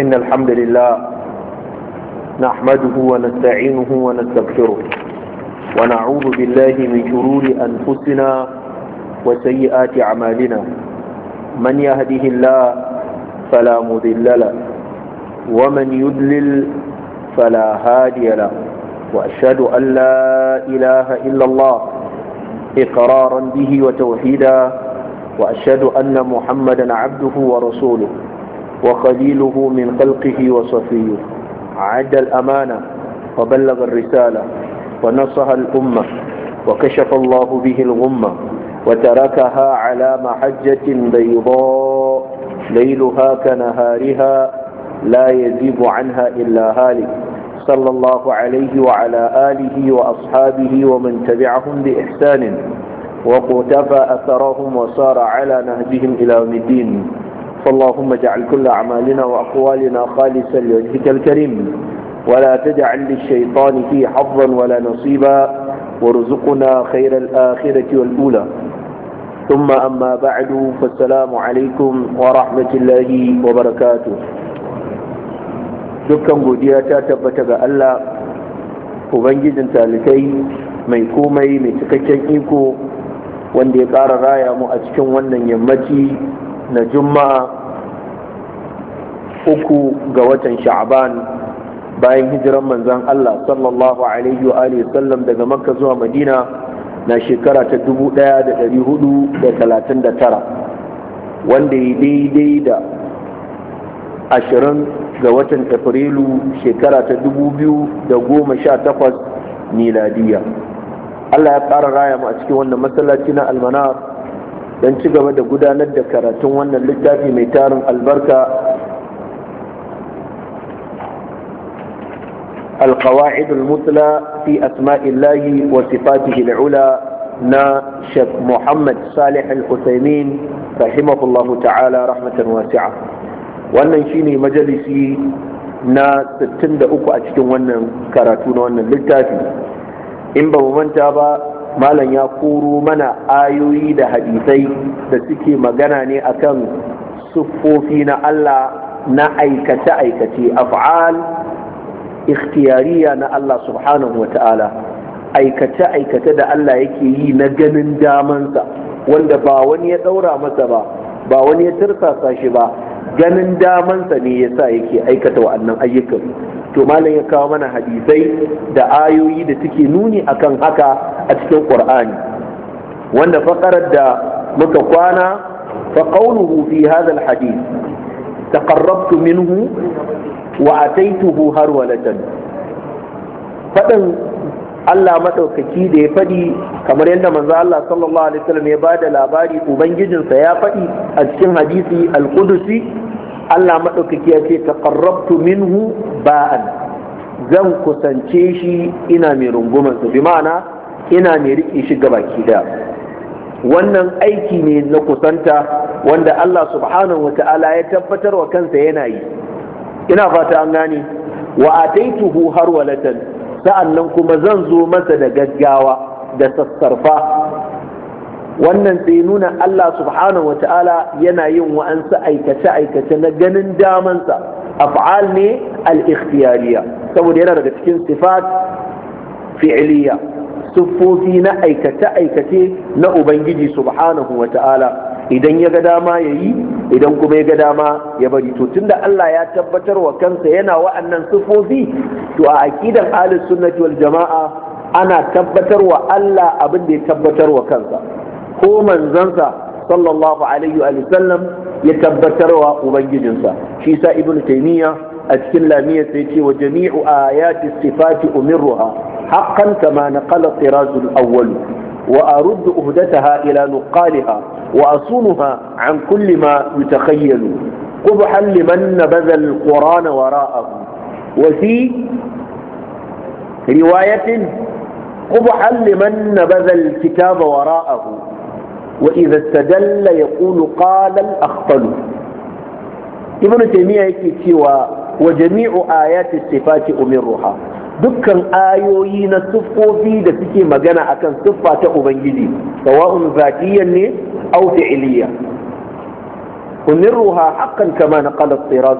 إن الحمد لله نحمده ونستعينه ونستغفره ونعوذ بالله من شرور أنفسنا وسيئات أعمالنا من يهده الله فلا مضل له ومن يضلل فلا هادي له وأشهد أن لا إله إلا الله إقرارا به وتوحيدا وأشهد أن محمدا عبده ورسوله وخليله من خلقه وصفيه عد الأمانة وبلغ الرسالة ونصح الأمة وكشف الله به الغمة وتركها على محجة بيضاء ليلها كنهارها لا يزيب عنها إلا هالك صلى الله عليه وعلى آله وأصحابه ومن تبعهم بإحسان وقتفى أثرهم وصار على نهجهم إلى الدين فاللهم اجعل كل أعمالنا وأقوالنا خالصا لوجهك الكريم ولا تجعل للشيطان فيه حظا ولا نصيبا وارزقنا خير الآخرة والأولى ثم أما بعد فالسلام عليكم ورحمة الله وبركاته dukkan godiya ta tabbata ga Allah ubangijin talikai mai komai mai cikakken iko wanda ya ƙara raya mu a cikin wannan yammaci na juma'a uku ga watan sha'aban bayan hijiran manzan Allah sallallahu alaihi wa alihi sallam daga makka zuwa madina na shekara ta 1439 wanda ya daidai da ashirin ga watan afrilu shekara ta 2018 miladiya Allah ya ƙara raya mu a cikin wannan masallaci na almanar don ci gaba da gudanar da karatun wannan littafi mai tarin albarka القواعد المثلى في أسماء الله وصفاته العلى نا شيخ محمد صالح الحسيمين رحمه الله تعالى رحمة واسعة wannan shine majalisi na uku a cikin wannan karatu na wannan littafi in ba mu manta ba malam ya koro mana ayoyi da hadisai da suke magana ne akan siffofi na Allah na aikace-aikace af'al ikhtiyariya na Allah subhanahu wa ta'ala aikace-aikace da Allah yake yi na ganin damansa wanda ba wani ya ɗaura masa ba ba wani ya tirsasa shi ba ganin damansa ne ya sa yake aikata wa'annan ayyukan to malam ya kawo mana hadisai da ayoyi da suke nuni akan haka a cikin qur'ani wanda faƙarar da muka kwana fa qawluhu fi hadha alhadith taqarrabtu minhu wa ataituhu harwalatan faɗin Allah maɗaukaki da ya faɗi kamar yadda manzo Allah sallallahu alaihi wasallam ya bada labari ubangijinsa ya faɗi a cikin hadisi al-qudusi Allah maɗaukaki ya ce taqarrabtu minhu ba'an zan kusance shi ina mai rungumar bi ma'ana ina mai riƙe shi gabaki da wannan aiki ne na kusanta wanda Allah subhanahu ta'ala ya tabbatar wa kansa yana yi ina fata an gane wa ataituhu walatan sa'annan kuma zan zo masa da gaggawa da sassarfa wannan sai nuna Allah subhanahu wa ta'ala yana yin wa'ansu aikace-aikace na ganin damansa af'al ne al-ikhtiyariya saboda yana daga cikin sifat fi'liya siffofi na aikace-aikace na ubangiji subhanahu wa ta'ala idan ya ga dama ya yi idan kuma ya ga dama ya bari to tunda Allah ya tabbatar wa kansa yana wa'annan sifofi to a aqidan ahlus sunnati wal jama'a ana tabbatar wa Allah abin da ya tabbatar wa kansa ko manzansa sallallahu alaihi wa sallam ya tabbatar wa ubangijinsa shi sa ibnu taymiya a cikin lamiyar sai ce wa jami'u ayati sifati umirruha haqqan kama naqala tirazul awwal wa aruddu uhdataha ila nuqaliha وأصونها عن كل ما يتخيل قبحا لمن نبذ القرآن وراءه وفي رواية قبحا لمن نبذ الكتاب وراءه وإذا استدل يقول قال الأخطل ابن تيمية سوى وجميع آيات الصفات أمرها دكا آيوين na siffofi da suke magana akan siffa ta أو فعلية ونرها حقا كما نقل الطراز